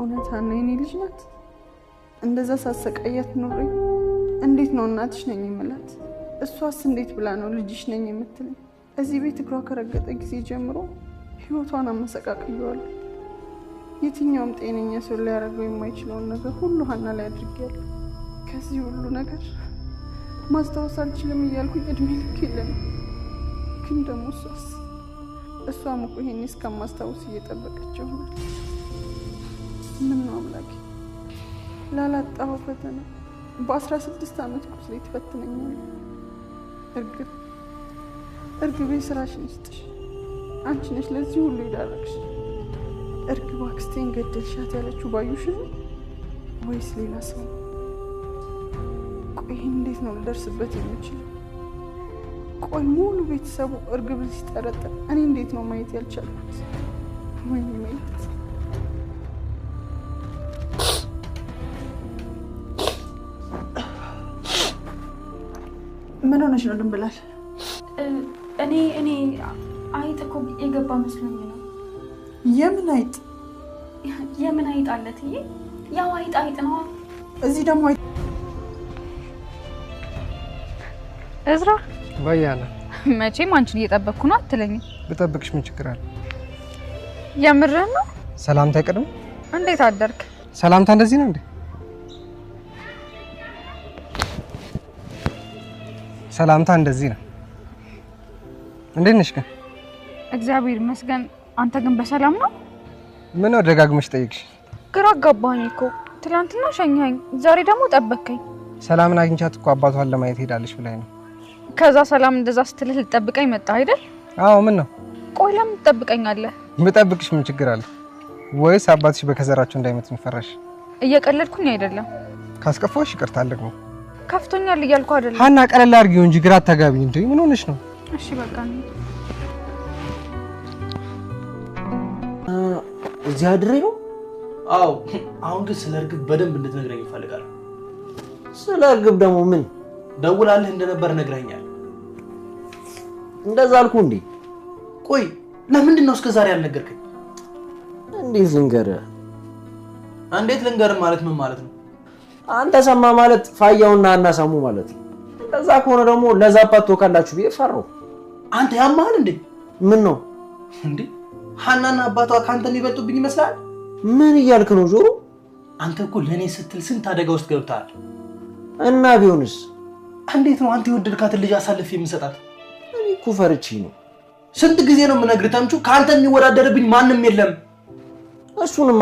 እውነት ሀና የኔ ልጅ ናት? እንደዛ ሳሰቃያት ኑሬ እንዴት ነው እናትሽ ነኝ የምላት? እሷስ እንዴት ብላ ነው ልጅሽ ነኝ የምትለኝ? እዚህ ቤት እግሯ ከረገጠ ጊዜ ጀምሮ ህይወቷን አመሰቃቅየዋለሁ። የትኛውም ጤነኛ ሰው ሊያደርገው የማይችለውን ነገር ሁሉ ሀና ላይ አድርጌያለሁ። ከዚህ ሁሉ ነገር ማስታወስ አልችልም እያልኩኝ እድሜ ልክ የለም ግን ደግሞ እሷስ እሷም እኮ ይሄኔ እስከማስታወስ እየጠበቀች ይሆናል። ምን ነው አምላኬ ላላጣኸው ፈተና በአስራ ስድስት ዓመት ቁስሌ ትፈትነኛል። እርግብ እርግቤ ስራሽን ይስጥሽ። አንቺ ነሽ ለዚህ ሁሉ ይዳረግሽ። እርግብ አክስቴን ገደልሻት ያለችው ባዩሽ ወይስ ሌላ ሰው? ቆይ እንዴት ነው ልደርስበት የምችል? ቆይ ሙሉ ቤተሰቡ እርግብ ሲጠረጥር እኔ እንዴት ነው ማየት ያልቻልኩት? ወይም ምን ሆነሽ ነው ብላል። እኔ እኔ አይጥ እኮ የገባ መስሎኝ ነው። የምን አይጥ? የምን አይጥ አለት? ያው አይጥ አይጥ ነው። እዚህ ደግሞ እዝራ ባያለ መቼም አንቺን እየጠበቅኩ ነው አትለኝም። ብጠብቅሽ ምን ችግር አለ? የምርህን ነው? ሰላምታ አይቀድም? እንዴት አደርክ? ሰላምታ እንደዚህ ነው እንዴ? ሰላምታ እንደዚህ ነው። እንዴት ነሽ ግን? እግዚአብሔር ይመስገን። አንተ ግን በሰላም ነው? ምን ነው ደጋግመሽ ጠየቅሽ? ግራ አጋባኝ እኮ ትናንትና ሸኛኝ፣ ዛሬ ደግሞ ጠበከኝ። ሰላምን አግኝቻት እኮ አባቷን ለማየት ሄዳለች ብላኝ ነው። ከዛ ሰላም እንደዛ ስትልህ ልጠብቀኝ መጣ አይደል? አዎ። ምን ነው ቆይ፣ ለምን ትጠብቀኛለህ? ምጠብቅሽ ምን ችግር አለ? ወይስ አባትሽ በከዘራቸው እንዳይመት የሚፈራሽ እየቀለድኩኝ አይደለም። ካስከፋሽ ይቅርታ አልደግመው ከፍቶኛል እያልኩ አይደለም ሀና፣ ቀለል አድርጊው እንጂ ግራ አታጋቢ እንዴ! ምን ሆነሽ ነው? እሺ በቃ እዚህ አድሬ ነው። አዎ፣ አሁን ግን ስለ እርግብ በደንብ እንድትነግረኝ ይፈልጋል። ስለ እርግብ ደግሞ ምን ደውላልህ እንደነበር ነግረኛል። እንደዛ አልኩ እንዴ? ቆይ ለምንድን ነው እስከዛሬ አልነገርከኝ እንዴት ልንገርህ? እንዴት ልንገርህ ማለት ምን ማለት ነው? አንተ ሰማ ማለት ፋያውና እና ሰሙ ማለት ነው። እንደዛ ከሆነ ደግሞ ለዛ አባት ትወካላችሁ ብዬ ፈራሁ። አንተ ያማል እንዴ? ምን ነው እንዴ? ሀናና አባቷ ከአንተ የሚበልጡብኝ ይመስላል? ምን እያልክ ነው ጆሮ? አንተ እኮ ለእኔ ስትል ስንት አደጋ ውስጥ ገብተሃል። እና ቢሆንስ እንዴት ነው አንተ የወደድካትን ልጅ አሳልፍ የምሰጣት? እኔ እኮ ፈርቼ ነው። ስንት ጊዜ ነው የምነግርህ ተምቹ፣ ከአንተ የሚወዳደርብኝ ማንም የለም። እሱንማ